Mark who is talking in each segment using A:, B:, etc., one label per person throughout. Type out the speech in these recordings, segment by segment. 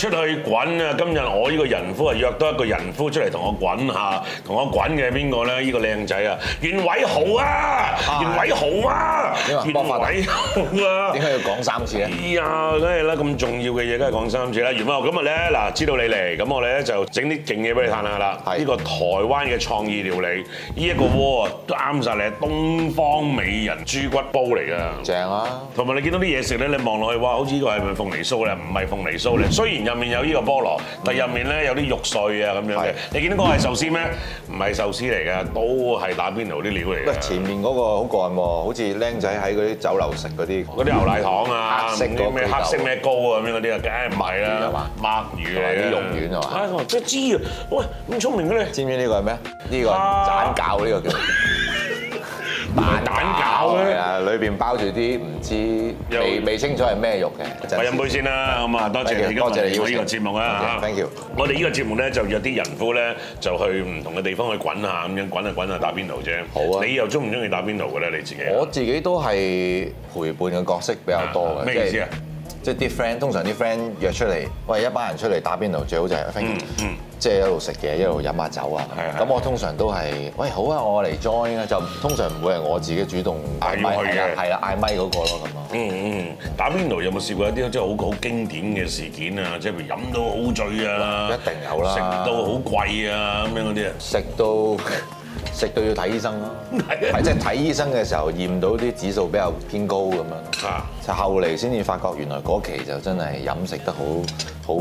A: 出去滾啊！今日我呢個人夫啊，約多一個人夫出嚟同我滾下，同我滾嘅邊、這個咧？呢個靚仔啊，袁偉豪啊，啊袁偉豪啊，啊袁偉豪啊，點解、啊、要講三次咧？哎呀、啊，梗係啦，咁重要嘅嘢梗係講三次啦。袁偉豪，今日咧嗱，知道你嚟，咁我哋咧就整啲勁嘢俾你嘆下啦。係呢個台灣嘅創意料理，呢、這、一個鍋啊，都啱晒你，係東方美人豬骨煲嚟㗎。正啊！同埋你見到啲嘢食咧，你望落去哇，好似呢個係咪鳳梨酥咧，唔係鳳梨酥咧。雖然入面有呢個菠蘿，但入、嗯、面咧有啲肉碎啊咁樣嘅。嗯、你見到嗰個係壽司咩？唔係壽司嚟嘅，都係打邊爐啲料嚟嘅。喂，前面嗰個好過癮喎，好似僆仔喺嗰啲酒樓食嗰啲啲牛奶糖啊，食咩黑色咩糕啊咁樣嗰啲啊，梗係唔係啦？係墨魚嚟啲肉丸係嘛？
B: 啊，真知啊！喂，咁聰明嘅你，知唔知呢個係咩？呢個斬餃呢個叫。蛋餃糕咧，裏邊包住啲唔知又未未清楚
A: 係咩肉嘅。我飲杯先啦，咁啊，多謝多謝你做呢個節目啊，thank you。我哋呢個節目咧就約啲人夫咧就去唔同嘅地方去滾下咁樣，滾啊滾啊打邊爐啫。好啊！你
B: 又中唔中意打邊爐嘅咧？好 你自己？我自己都係陪伴嘅角色比較多嘅、嗯。咩意思啊？即係啲 friend，通常啲 friend 約出嚟，喂，一班人出嚟打邊爐，最好就係、是、friend。謝謝即係一路食嘢，一路飲下酒啊。咁我通常都係，喂好啊，我嚟 join 啊。就
A: 通常唔會係我自己主動嗌咪嘅，係啦，嗌咪嗰個咯咁啊，嗯嗯，打邊爐有冇試過一啲即係好好經典嘅事件啊？即係譬如飲到好醉啊，一定有啦。食到好貴啊咁樣嗰啲啊，食到食到要睇醫生咯。
B: 係即係睇醫生嘅時候驗到啲指數比較偏高咁樣。就後嚟先至發覺原來嗰期就真係飲食得好好。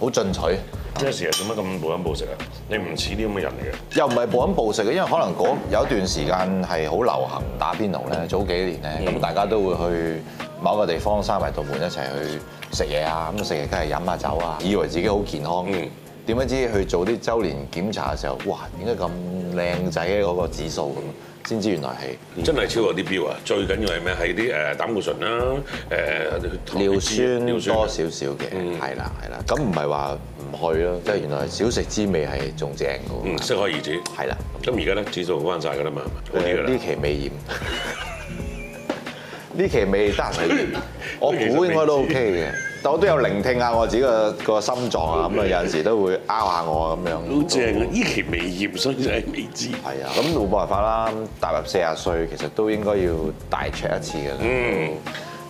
B: 好進取，呢個時係做乜咁暴飲暴食啊？你唔似啲咁嘅人嚟嘅，又唔係暴飲暴食嘅，因為可能嗰有段時間係好流行打邊爐咧，早幾年咧，咁大家都會去某個地方閂埋道門一齊去食嘢啊，咁食嘢梗係飲下酒啊，以為自己好健康，點不知去做啲周年檢查嘅時候，哇！點解咁靚仔嘅嗰個指數咁？先知原來係
A: 真係超過啲標啊！最緊要係咩？係啲誒膽固醇啦，誒尿酸多少少嘅，係啦係啦。咁唔係話唔去咯，
B: 即係原來少食滋味係仲正㗎。嗯，
A: 適可而止。係啦對了、嗯。咁而家咧指數返晒㗎啦嘛，呢期未驗，呢期未
B: 得，我估應該都 OK 嘅。我都有聆聽下我自己個個心臟啊，咁啊好有陣時都會拗下我咁樣。好正啊！呢期都未驗，所以就係未知。係啊，咁冇辦法啦。踏入四十歲，其實都應該要大 check 一次嘅啦。嗯，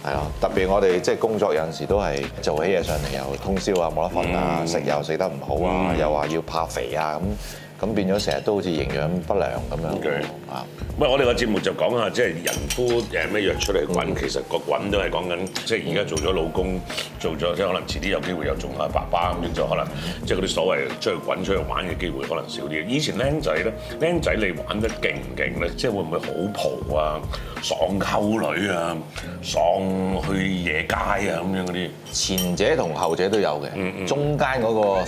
B: 係啊，特別我哋即係工作有陣時都係做起嘢上嚟又通宵啊，冇得瞓啊，食、嗯、又食得唔好啊，哇又話要怕肥啊，咁咁變咗成日都好似營養不良咁樣
A: 啊。的唔係，我哋個節目就講下，即係人夫誒咩約出嚟滾，嗯、其實個滾都係講緊，即係而家做咗老公，做咗即係可能遲啲有機會又做下爸爸咁樣，就可能即係嗰啲所謂出去滾出去玩嘅機會可能少啲。以前僆仔咧，僆仔你玩得勁唔勁咧？即係會唔會好蒲啊？爽溝女啊？爽去夜街啊？咁樣嗰啲，前者同後者都有嘅。嗯嗯，中間嗰個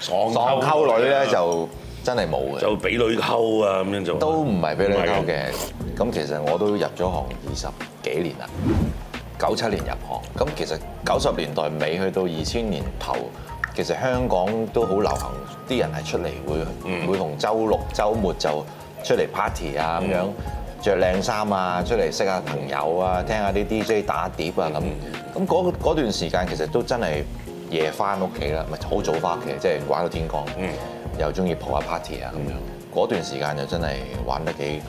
A: 爽溝女咧溝溝就。
B: 真係冇嘅，就俾女溝啊咁樣，做都唔係俾女溝嘅。咁其實我都入咗行二十幾年啦，九七年入行。咁其實九十年代尾去到二千年頭，其實香港都好流行，啲人係出嚟會會同周六週末就出嚟 party 啊咁樣，着靚衫啊，出嚟識下朋友啊，聽下啲 DJ 打碟啊咁。咁嗰嗰段時間其實都真係夜翻屋企啦，咪好早翻屋企，即係玩到天光。嗯又中意蒲下 party 啊咁樣，嗰、嗯、段時間就真係玩得幾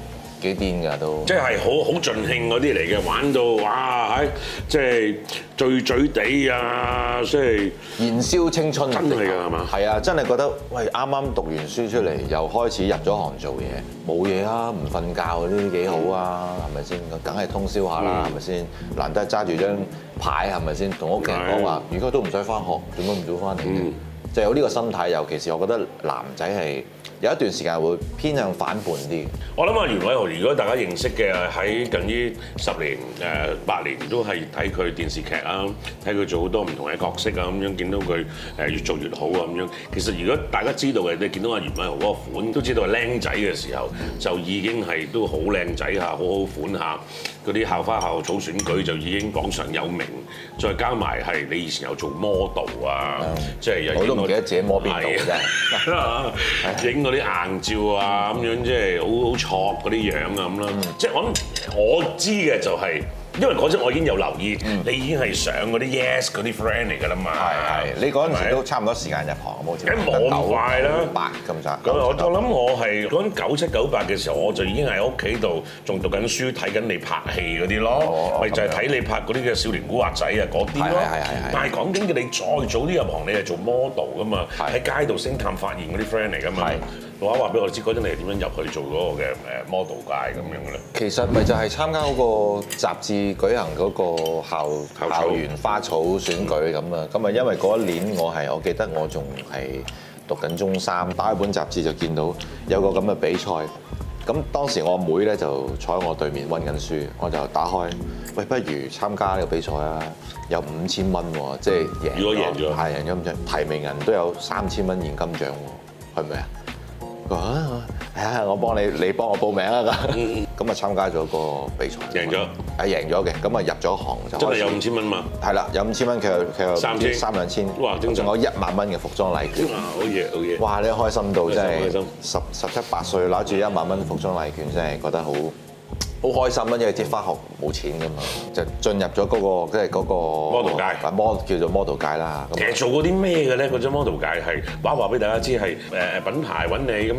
A: 幾癲㗎都即，即係好好盡興嗰啲嚟嘅，玩到哇唉，即係醉醉地啊！即係燃燒青春，真係㗎係嘛？係
B: 啊，真係覺得喂，啱啱讀完書出嚟，嗯、又開始入咗行做嘢，冇嘢啊，唔瞓覺呢啲幾好啊，係咪先？梗係通宵下啦，係咪先？難得揸住張牌係咪先？同屋企人講話，而家嗎都唔使翻學，做乜唔早翻嚟嘅？就有呢個心態，尤其是我覺得男仔係。有一段時間會偏向反叛啲。
A: 我諗阿袁偉豪，如果大家認識嘅喺近於十年誒八年，都係睇佢電視劇啊，睇佢做好多唔同嘅角色啊，咁樣見到佢誒越做越好啊，咁樣。其實如果大家知道嘅，你係見到阿袁偉豪嗰個款，都知道係僆仔嘅時候，就已經係都好靚仔嚇，好好款嚇。嗰啲校花校草選舉就已經榜上有名，再加埋係你以前有做 model 啊，即係的我都唔記得自己 model 嘅真影嗰啲硬照啊，咁、嗯、樣即係好好挫嗰啲樣咁啦，即係、嗯就是、我諗我知嘅就係、是。因為嗰陣我已經有留意，嗯、你已經係上嗰啲 yes 嗰啲 friend 嚟㗎啦嘛。係係，你嗰陣時都差唔多時間入行，冇錯吧。冇咁快啦，八咁我我諗我係嗰九七九八嘅時,時候，我就已經喺屋企度仲讀緊書，睇緊你拍戲嗰啲咯。咪、嗯、就係睇你拍嗰啲嘅少年古惑仔啊嗰啲咯。但係講真嘅，你再早啲入行，你係做 model 㗎嘛？喺是是 街度星探發現嗰啲 friend 嚟㗎嘛。是是我阿話俾我知嗰陣你係點樣入去做嗰個嘅誒 model 界咁樣嘅？咧、嗯？其
B: 實咪就係參加嗰個雜誌舉行嗰個校校,草校園花草選舉咁啊！咁啊、嗯，因為嗰一年我係，我記得我仲係讀緊中三，打開本雜誌就見到有個咁嘅比賽。咁當時我阿妹咧就坐喺我對面温緊書，我就打開，喂，不如參加呢個比賽啊！有五千蚊喎，即係贏，如果贏咗，係贏咗唔出，提名人都有三千蚊現金獎喎，係咪啊？話係我幫你，你幫我報名啊！咁咁啊，參加咗個比賽，贏咗了係贏咗嘅，咁啊入咗行就真係有五千蚊嘛！係啦，有五千蚊，佢有佢有三千三兩千，哇！仲有一萬蚊嘅服裝禮券，好嘢，好嘢！哇！你開心到真係，十十七八歲攞住一萬蚊服裝禮券，真係覺得好。好開心啦，因為即係返學冇錢㗎嘛，嗯、就進入咗嗰、嗰個即係嗰個 model 托界啊，model 叫做 model 界啦。
A: 其實做過啲咩嘅咧？嗰張 model 界係話話俾大家知係誒品牌揾你咁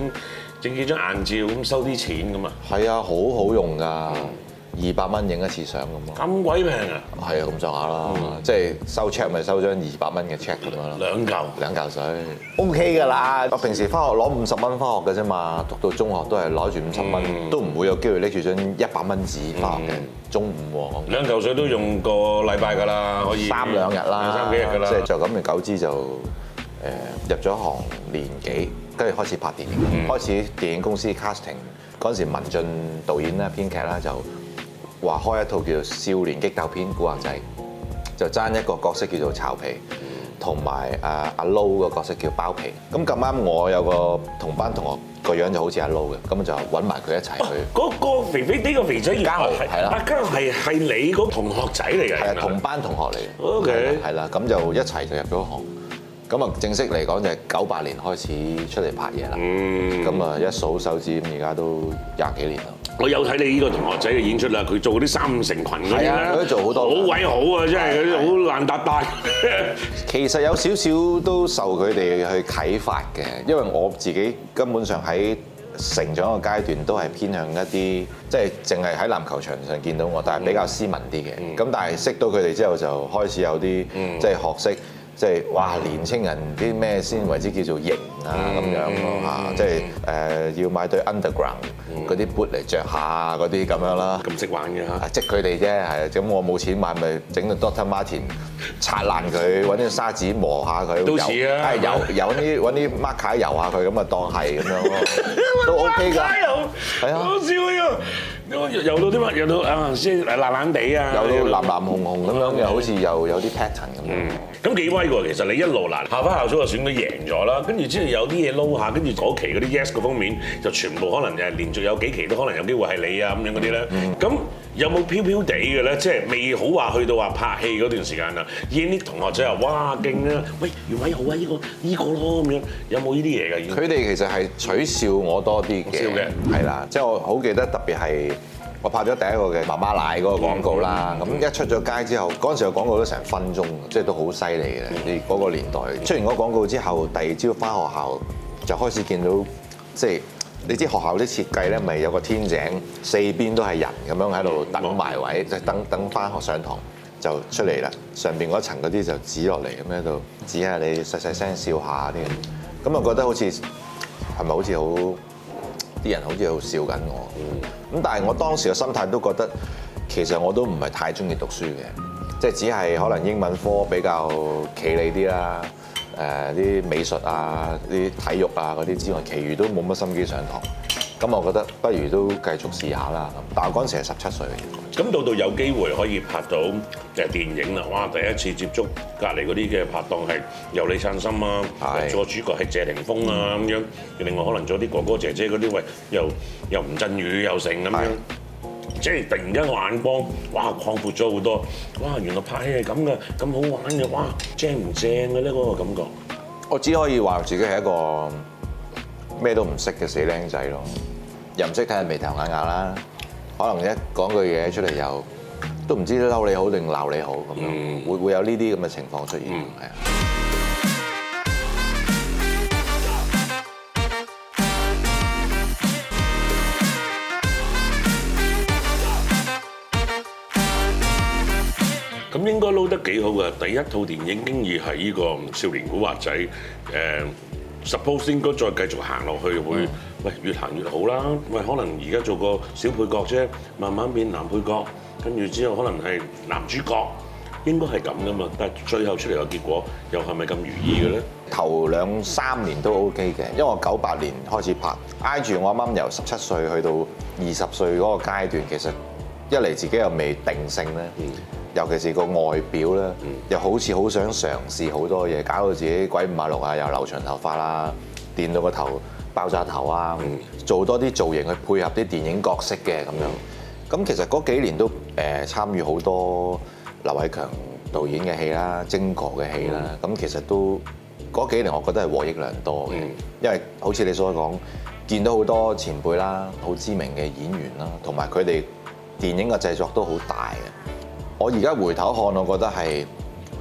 A: 整幾張硬照咁收啲錢咁啊、嗯。係啊，好好用㗎。二百蚊影一次相咁啊！咁鬼平啊！係啊，咁上
B: 下啦，即係收 check 咪收張二百蚊嘅 check 咁樣咯。兩嚿兩嚿水 OK 㗎啦。我平時翻學攞五十蚊翻學嘅啫嘛，讀到中學都係攞住五十蚊，都唔會有機會拎住張一百蚊紙翻學嘅。中午
A: 兩嚿水都用個禮拜㗎啦，可以三兩日啦，三幾日啦，即係就
B: 咁嘅九支，就誒入咗行年幾，跟住開始拍電影，開始電影公司 casting 嗰陣時，文雋導演咧、編劇咧就。話開一套叫《少年激鬥篇》古惑仔，就爭一個角色叫做巢皮，同埋阿阿 Low 個角色叫包皮。咁咁啱，我有個同班同學個樣好 Lo，就好似阿 Low 嘅，咁就揾埋佢一齊去。嗰、啊
A: 那個肥肥，呢
B: 個肥仔而家係啦，加我係係你個同學仔嚟㗎，係對嗎同班同學嚟。O K，係啦，咁就一齊就入咗行，咁啊正式嚟講就係九八年開始出嚟拍嘢啦。咁啊、嗯、一數手指，咁而家都廿幾年啦。
A: 我有睇你呢個同學仔嘅演出啦，佢做啲三五成羣嗰啲，佢做好多，好鬼好啊，對真係嗰啲好爛搭搭。
B: 其實有少少都受佢哋去啟發嘅，因為我自己根本上喺成長個階段都係偏向一啲即係淨係喺籃球場上見到我，但係比較斯文啲嘅。咁、嗯嗯、但係識到佢哋之後，就開始有啲即係學識。即係哇！就是、年青人啲咩先為之叫做型啊咁、嗯、樣咯嚇，即係誒要買對 Underground 嗰啲 boot 嚟着下嗰啲咁樣啦。咁識玩嘅嚇，即係佢哋啫係。咁我冇錢買咪整個 Doctor Marten 擦爛佢，揾啲沙子磨下佢。都似啊，有有啲啲 marker 油下佢，咁啊當係咁樣咯，
A: 都 OK 㗎。係啊，好笑啊！又到啲乜又到啊，即係爛爛地啊，又到藍藍紅紅咁樣，又好似
B: 又有啲 pattern 咁樣。
A: 咁幾威㗎喎，其實你一路難，下，校花校草就選佢贏咗啦。跟住之後有啲嘢撈下，跟住早期嗰啲 yes 嗰封面就全部可能誒連續有幾期都可能有機會係你啊咁樣嗰啲咧。咁有冇飄飄地嘅咧？即係未好話去到話拍戲嗰段時間啊。而啲同學仔又哇勁啊！喂袁偉豪啊，呢個呢個咯咁樣，有冇呢啲嘢㗎？佢
B: 哋其實係取笑我多啲嘅，係啦，即係我好記得特別係。我拍咗第一個嘅媽媽奶嗰個廣告啦，咁一出咗街之後，嗰陣時個廣告都成分鐘，即係都好犀利嘅。你嗰個年代出完個廣告之後，第二朝返學校就開始見到，即係你知學校啲設計咧，咪有個天井，四邊都係人咁樣喺度等埋位，就等等返學上堂就出嚟啦。上邊嗰層嗰啲就指落嚟咁喺度指下你細細聲笑笑下啲嘢，咁啊覺得好似係咪好似好？啲人好似好笑緊我，咁但係我當時嘅心態都覺得，其實我都唔係太中意讀書嘅，即係只係可能英文科比較企理啲啦，誒、呃、啲美術啊、啲體育啊嗰啲之外，其餘都冇乜心機上堂，咁我覺得不如都繼續試下啦。但係我嗰陣時係十七歲，
A: 咁到到有機會可以拍到。誒電影啦，哇！第一次接觸隔離嗰啲嘅拍檔係由李燦森啊、是的 做主角係謝霆鋒啊咁、嗯、樣，另外可能做啲哥哥姐姐嗰啲位，又又吳鎮宇又成咁樣，是的 即係突然間個眼光哇擴闊咗好多，哇原來拍戲係咁嘅，咁好玩嘅，哇正唔正嘅咧嗰個感覺。我只可以話自己
B: 係一個咩都唔識嘅死僆仔咯，又唔識睇下眉頭眼眼啦，可能一講句嘢出嚟又～都唔知嬲你好定鬧你好咁樣，嗯、會會有呢啲咁嘅情況出現，係啊、嗯。咁
A: 對、應該撈得幾好嘅，嗯、第一套電影經已係呢個少年古惑仔。誒、嗯、Suppose 應，應該再繼續行落去，會、嗯、喂越行越好啦。喂，可能而家做個小配角啫，慢慢變男配角。跟住之後，可能係男主角應該係咁噶嘛，但係最後出嚟個結果又係咪咁如意嘅咧？頭兩三
B: 年都 OK 嘅，因為我九八年開始拍，挨住我啱啱由十七歲去到二十歲嗰個階段，其實一嚟自己又未定性咧，尤其是個外表咧，又好似好想嘗試好多嘢，搞到自己鬼五馬六啊，又留長頭髮啦，電到個頭爆炸頭啊，做多啲造型去配合啲電影角色嘅咁樣。咁其實嗰幾年都誒參與好多劉偉強導演嘅戲啦、精國嘅戲啦，咁、嗯、其實都嗰幾年我覺得係獲益良多嘅，嗯、因為好似你所講，見到好多前輩啦、好知名嘅演員啦，同埋佢哋電影嘅製作都好大嘅。我而家回頭看，我覺得係。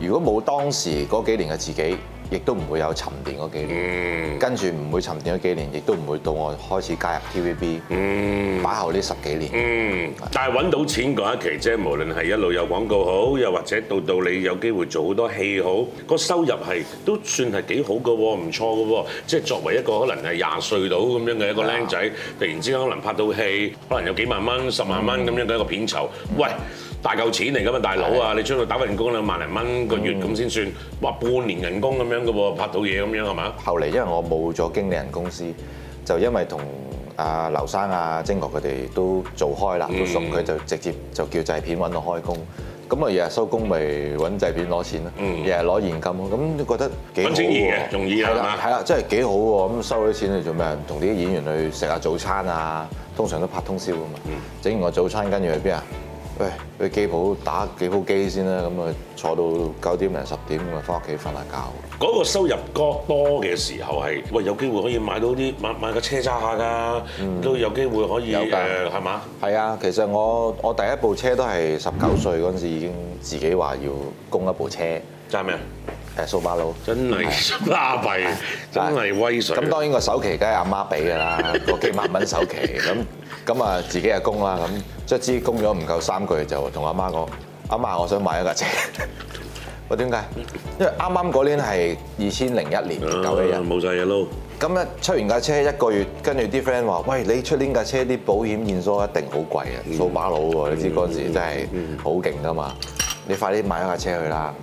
B: 如果冇當時嗰幾年嘅自己，亦都唔會有沉澱嗰幾年，嗯、跟住唔會沉澱嗰幾年，亦都唔會到我開始加入 TVB，擺、
A: 嗯、後呢十幾年。嗯，是 但係揾到錢嗰一期啫，即無論係一路有廣告好，又或者到到你有機會做好多戲好，個收入係都算係幾好嘅喎，唔錯嘅喎。即係作為一個可能係廿歲到咁樣嘅一個靚仔，的突然之間可能拍到戲，可能有幾萬蚊、十萬蚊咁、嗯、樣嘅一個片酬，喂！大嚿錢嚟噶嘛，大佬啊！是的 你出去打份工啦，兩萬零蚊個月咁先算，話、嗯、半年人工咁樣噶噃，拍到嘢咁樣係嘛？後嚟因為
B: 我冇咗經理人公司，就因為同阿劉生啊、晶哥佢哋都做開啦，嗯、都熟，佢就直接就叫製片揾我開工，咁啊日日收工咪揾製片攞錢咯，日日攞現金咯，咁覺得幾好喎，容易係啦，係啦，真係幾好喎！咁收咗錢你做咩？同啲演員去食下早餐啊，通常都拍通宵噶嘛，整完個早餐跟住去邊啊？喂，去機鋪打幾鋪機先啦，咁啊坐到九點零十點咁啊，翻屋企瞓下覺。
A: 嗰個收入高多嘅時候係喂，有機會可以買到啲買買個車揸下㗎，都、嗯、有機會可以誒，係嘛？係啊有
B: 的、呃，其實我我第一部車都係十九歲嗰陣時已經自己話要供一部車。揸咩啊？誒，蘇巴魯。的真係巴閉，真係威水。咁當然個首期梗係阿媽俾㗎啦，個幾萬蚊首期咁。咁啊，自己啊供啦，咁卒之供咗唔夠三個月，就同阿媽講：阿媽，媽，我想買一架車。喂，點 解？因為啱啱嗰年係二千零一年九一，人冇晒嘢撈。咁一、啊、出完架車一個月，跟住啲 friend 話：喂，你出年架車啲保險現數一定好貴啊，嗯、數把佬喎！嗯、你知嗰陣時真係好勁噶嘛？嗯、你快啲買一架車去啦！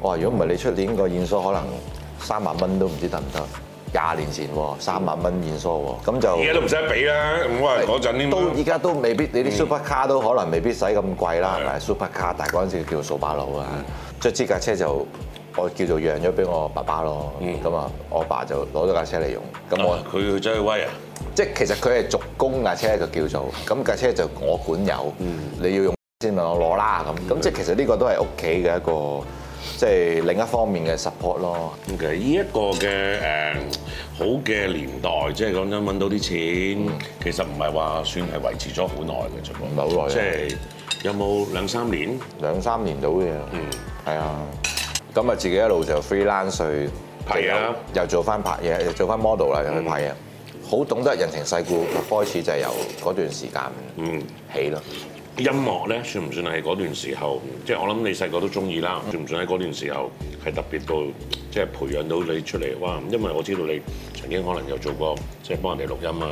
B: 我話如果唔係你出年個現數，可能三萬蚊都唔知得唔得。廿年前喎，三萬蚊現數喎，咁就而家都唔使俾啦。咁啊嗰陣啲都而家都未必，你啲 Super 卡都可能未必使咁貴啦，係咪？Super 卡，但係嗰陣時叫做掃把佬啊。即係呢架車就我叫做讓咗俾我爸爸咯。咁啊，我爸就攞咗架車嚟用。咁我
A: 佢去追威啊？威
B: 即係其實佢係續供架車，就叫做咁架車就我管有。嗯、你要用先問我攞啦。咁咁、嗯嗯、即係其實呢個都係屋企嘅一個。
A: 即係另一方面嘅 support 咯。咁嘅呢一個嘅誒好嘅年代，即係講真揾到啲錢，嗯、其實唔係話算係維持咗好耐嘅情況，唔係好耐。即係有冇兩三年？兩三年到嘅。嗯，
B: 係啊。咁啊，自己一路是的 就 freelance 去拍嘢，又做翻拍嘢，又做翻 model 啦，又去拍嘢。好、嗯、懂得人情世故，開始就由嗰段時間
A: 起咯。嗯嗯音樂咧算唔算係嗰段時候？即、就、係、是、我諗你細個都中意啦，算唔算喺嗰段時候係特別到即係、就是、培養到你出嚟？哇！因為我知道你曾經可能有做過即係幫人哋錄音啊，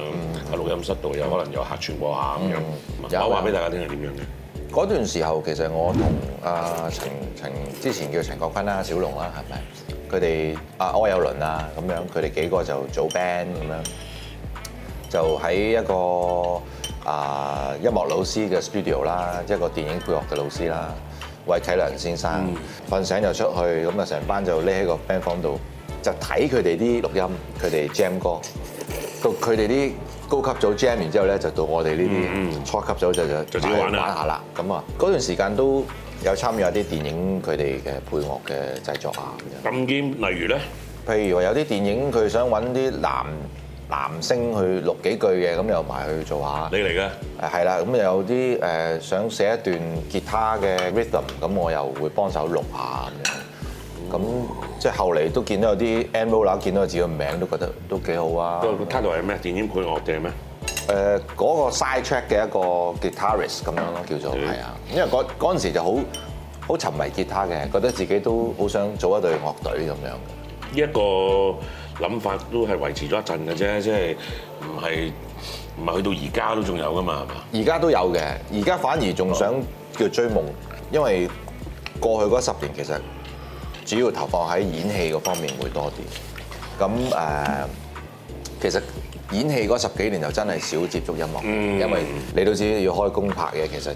A: 喺、嗯、錄音室度有可能有客串過下咁樣。有，我話俾大家聽係點樣嘅？嗰段時候其實我同阿陳陳
B: 之前叫陳國坤啦、小龍啦係咪？佢哋阿柯有倫啊咁樣，佢哋幾個就做 band 咁樣，就喺一個。啊！音樂老師嘅 studio 啦，一個電影配樂嘅老師啦，韋啟良先生瞓、嗯、醒就出去，咁啊成班就匿喺個 band 房度，就睇佢哋啲錄音，佢哋 jam 歌，到佢哋啲高級組 jam 完之後咧就到我哋呢啲初級組就就玩玩下啦。咁啊，嗰段時間都有參與一啲電影佢哋嘅配樂嘅製作啊。咁兼例如咧，譬如話有啲電影佢想揾啲男。男聲去錄幾句嘅，咁又埋去做下。你嚟嘅？誒，係啦，咁有啲誒，想寫一段吉他嘅 rhythm，咁我又會幫手錄下咁樣。咁即係後嚟都見到有啲 announcer 見到自己名都覺得都幾好啊。個 title 係咩？電影配樂嘅咩？誒、那、嗰個 side track 嘅一個 guitarist 咁樣咯，叫做係啊的。因為嗰嗰時就好好沉迷吉他嘅，覺得自己都好想做一隊樂隊咁樣
A: 嘅。依一個。諗法都係維持咗一陣嘅啫，即係唔係唔係去到而家都仲有噶嘛？係嘛？而
B: 家都有嘅，而家反而仲想叫追夢，嗯、因為過去嗰十年其實主要投放喺演戲嗰方面會多啲。咁誒、呃，其實演戲嗰十幾年就真係少接觸音樂，嗯、因為你都知
A: 要開工拍嘅，其實。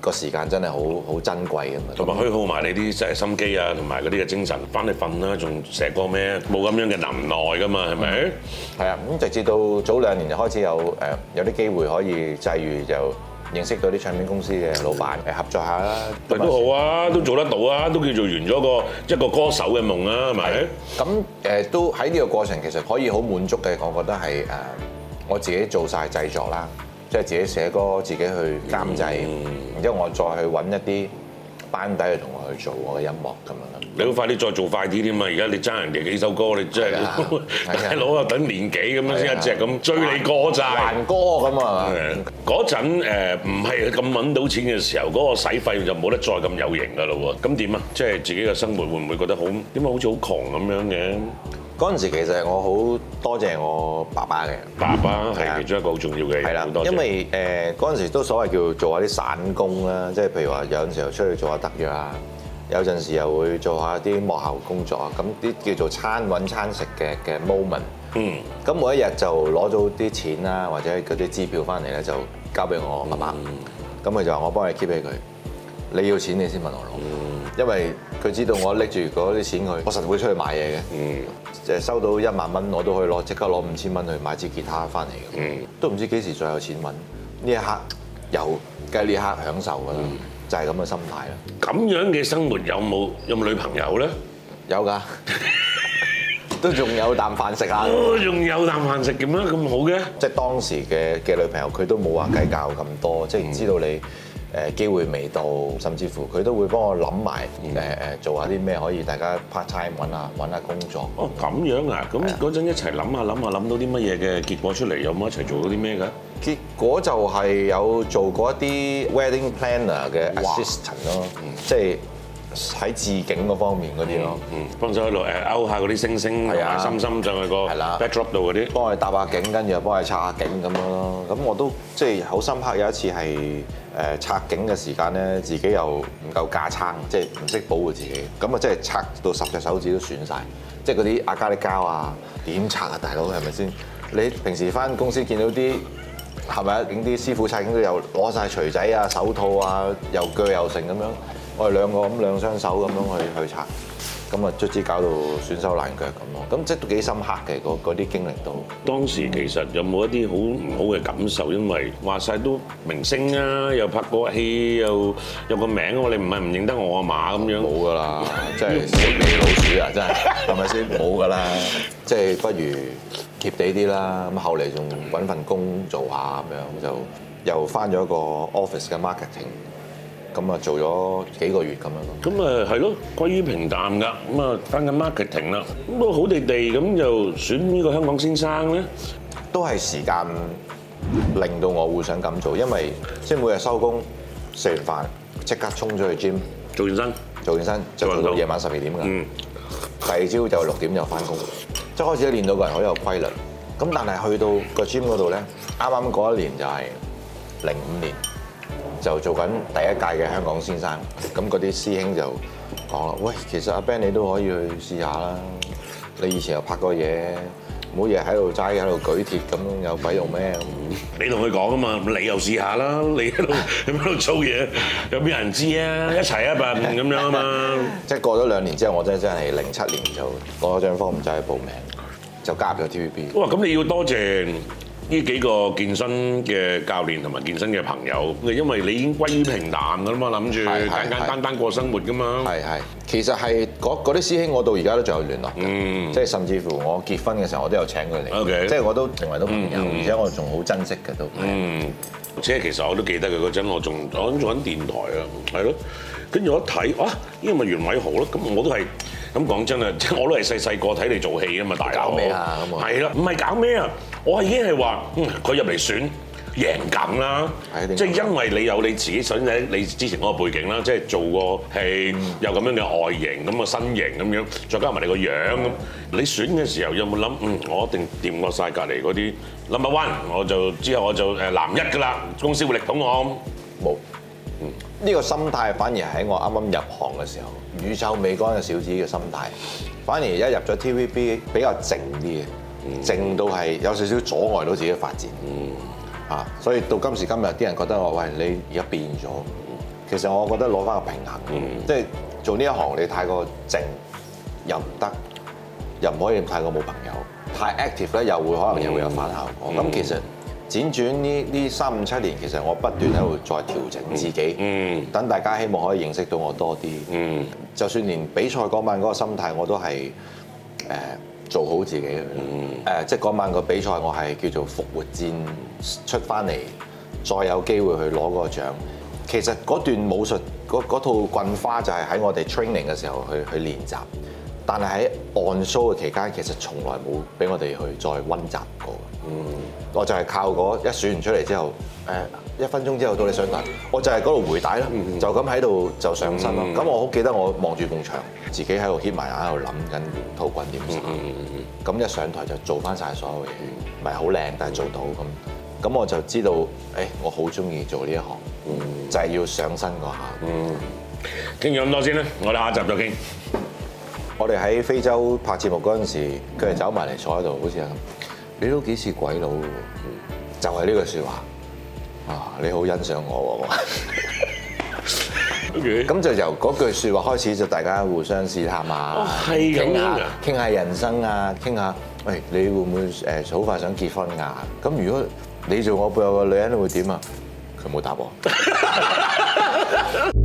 A: 個時間真係好好珍貴啊嘛，同埋虛耗埋你啲誒心機啊，同埋嗰啲嘅精神，翻去瞓啦，仲成個咩？冇咁樣嘅能耐噶嘛，係咪、嗯？係啊吧，咁直至到早兩年就開始有誒有啲機會可以際遇，就
B: 認識到啲唱片公司嘅老闆嚟合作下啦，都、嗯、好啊，都做
A: 得到啊，都叫做完咗個一個歌手嘅夢啦，係咪對？咁誒、呃、都喺呢個過程其實可以
B: 好滿足嘅，我覺得係誒、呃、我自己做晒製作啦。即係自己寫歌，自己去監製，嗯、然之後我再去揾一啲班底嘅同我去做我嘅音
A: 樂咁樣。你好快啲再做快啲添啊！而家你爭人哋幾首歌，你即係大佬啊，等年幾咁的樣先一隻咁追你歌債？彈玩、就是、歌咁啊嘛！嗰陣唔係咁揾到錢嘅時候，嗰、嗰個使費就冇得再咁有型㗎咯喎！咁點啊？即係自己嘅生活會唔會覺得好點啊？好似好窮咁樣嘅？嗰陣時其實我好多謝我爸爸嘅，爸爸係其中一個好重要嘅，係啦的，因為誒嗰陣時都
B: 所謂叫做做下啲散工啦，即係譬如話有陣時候出去做下特約啊，有陣時又會做下啲幕後工作，咁啲叫做餐揾餐食嘅嘅 moment，嗯，咁每一日就攞咗啲錢啦，或者嗰啲支票翻嚟咧就交俾我媽嘛。咁佢就話我幫你 keep 俾佢，你要錢你先問我攞。嗯。因為佢知道我拎住嗰啲錢去，我實會出去買嘢嘅。嗯，即係收到一萬蚊，我都可以攞，即刻攞五千蚊去買支吉他翻嚟。嗯，都唔知幾時再有錢揾，呢一刻有，梗係呢刻享受㗎啦，就係咁嘅心態啦。咁樣嘅生活有冇有冇女朋友咧？有㗎，都仲有啖飯食啊！我仲有啖飯食嘅咩？點解咁好嘅。即係當時嘅嘅女朋友，佢都冇話計較咁多，即唔知道你。誒，機會未到，甚至乎佢都會幫我諗埋，誒誒做下啲咩可以大家 part time 揾下揾下工作。
A: 哦，咁樣啊？咁嗰陣一齊諗下諗下諗到啲乜嘢嘅結果出嚟，有冇一齊做咗啲咩嘅？結果就係有
B: 做過一啲 wedding planner 嘅 assistant 咯，哇，即係。喺置
A: 景嗰方面嗰啲咯，嗯，幫手喺度誒勾下嗰啲星星，係啊，心心上去個係啦，backdrop
B: 度嗰啲幫佢搭下景，跟住又幫佢擦下景咁樣咯。咁我都即係好深刻，有一次係誒擦景嘅時間咧，自己又唔夠架撐，即係唔識保護自己，咁啊即係拆到十隻手指都損晒，即係嗰啲阿加力膠啊，點拆啊大佬係咪先？你平時翻公司見到啲係咪啊？景啲師傅擦景都又攞晒錘仔啊、手套啊，又鋸又剩咁樣。我哋兩個咁兩雙手咁樣去去拆，咁啊卒之搞到損手爛腳咁咯。咁即係都幾深刻嘅，嗰嗰啲經
A: 歷。到當時其實有冇一啲好唔好嘅感受？因為話曬都明星啊，又拍過戲，又有個名嘅話，你唔係唔認得我阿媽咁樣冇㗎啦，即係識你老鼠啊，真係係咪先冇㗎啦？即係不如
B: 貼地啲啦。咁後嚟仲揾份工做下咁樣，就又翻咗一個
A: office 嘅 marketing，咁啊，做咗幾個月咁樣咯。咁啊，係咯，歸於平淡㗎。咁啊，翻緊 marketing 啦。咁都好地地咁就選呢個香港先生咧，都係時間令到我會想咁做，因為即
B: 係每日收工食完飯即刻衝咗去 gym 做健身，做健身就做到夜晚十二點㗎。嗯。第二朝就六點就翻工，即係開始咧練到個人好有規律。咁但係去到個 gym 嗰度咧，啱啱嗰一年就係零五年。就做緊第一屆嘅香港先生，咁嗰啲師兄就講啦：喂，其實阿 Ben 你都可以去試下啦。你以前又拍過嘢，冇嘢喺度齋喺度舉鐵咁，有鬼用咩？
A: 你同佢講啊嘛，你又試下啦。你喺度喺度做嘢，有邊人知啊？一齊啊嘛，咁樣啊嘛。即
B: 係過咗兩年之後，我真係真係零七年就攞咗張科，唔再去報名，就加入咗 TVB。
A: 哇！咁你要多謝，謝。呢幾個健身嘅教練同埋健身嘅朋友。因為你已經歸於平淡噶啦嘛，諗住簡簡單單過生活噶嘛。係係，其
B: 實係嗰啲師兄，我到而家都仲有聯絡。嗯，即係甚至乎我結婚嘅時候，我都有請佢
A: 嚟。O K，即係我都成為咗朋友，嗯，而且我
B: 仲好珍惜嘅都。
A: 嗯，即係其實我都記得佢嗰陣，我仲我仲做緊電台，對對啊，係咯。跟住我一睇啊，呢個咪袁偉豪咯。咁我都係咁講真啊，即係我都係細細個睇你做戲啊嘛，大佬。搞咩啊？咁啊。係啦，唔係搞咩啊。我已經係話，佢入嚟選贏咁啦，即係因為你有你自己想喺你之前嗰個背景啦，即、就、係、是、做過戲有咁樣嘅外形咁嘅身形咁樣，再加埋你個樣咁。嗯、你選嘅時候有冇諗？嗯，我一定掂過晒隔離嗰啲 number one，我就之後我就誒男一㗎啦。公司會力捧我冇，
B: 有嗯，呢個心態反而喺我啱啱入行嘅時候，宇宙美光嘅小子嘅心態，反而而家入咗 TVB 比較靜啲嘅。靜到係有少少阻礙到自己發展，嗯，啊！所以到今時今日，啲人覺得話：喂，你而家變咗。其實我覺得攞翻個平衡，即係、嗯、做呢一行你太過靜又唔得，又唔可以太過冇朋友，太 active 咧又會可能又會有反效果。咁、嗯、其實輾轉呢呢三五七年，其實我不斷喺度再調整自己，等、嗯嗯、大家希望可以認識到我多啲。嗯嗯、就算連比賽嗰晚嗰個心態，我都係誒。呃做好自己，誒、嗯，即係嗰晚個比賽，我係叫做復活戰出翻嚟，再有機會去攞個獎。其實嗰段武術嗰套棍花就係喺我哋 training 嘅時候去去練習。但係喺 on show 嘅期間，其實從來冇俾我哋去再溫習過。嗯，我就係靠嗰一選完出嚟之後。誒、呃。一分鐘之後到你上台，我就係嗰度回帶啦，嗯、就咁喺度就上身咯。咁、嗯、我好記得我望住埲牆，自己喺度瞌埋眼喺度諗緊套棍點耍。咁、嗯嗯嗯、一上台就做翻晒所有嘢，唔係好靚，但係做到咁。咁我就知道，誒、欸，我好中意做呢一行，嗯、就係要上身嗰下。傾咗咁多先啦，我哋下集再傾。我哋喺非洲拍節目嗰陣時，佢哋走埋嚟坐喺度，好似啊，你都幾似鬼佬，就係呢句説話。啊！你好欣賞我喎，咁 就由嗰句説話開始，就大家互相試探下嘛。哦、啊，係嘅，傾下傾下人生啊，傾下，喂，你會唔會誒好快想結婚啊？咁 如果你做我背後嘅女人，你會點啊？佢 冇答我。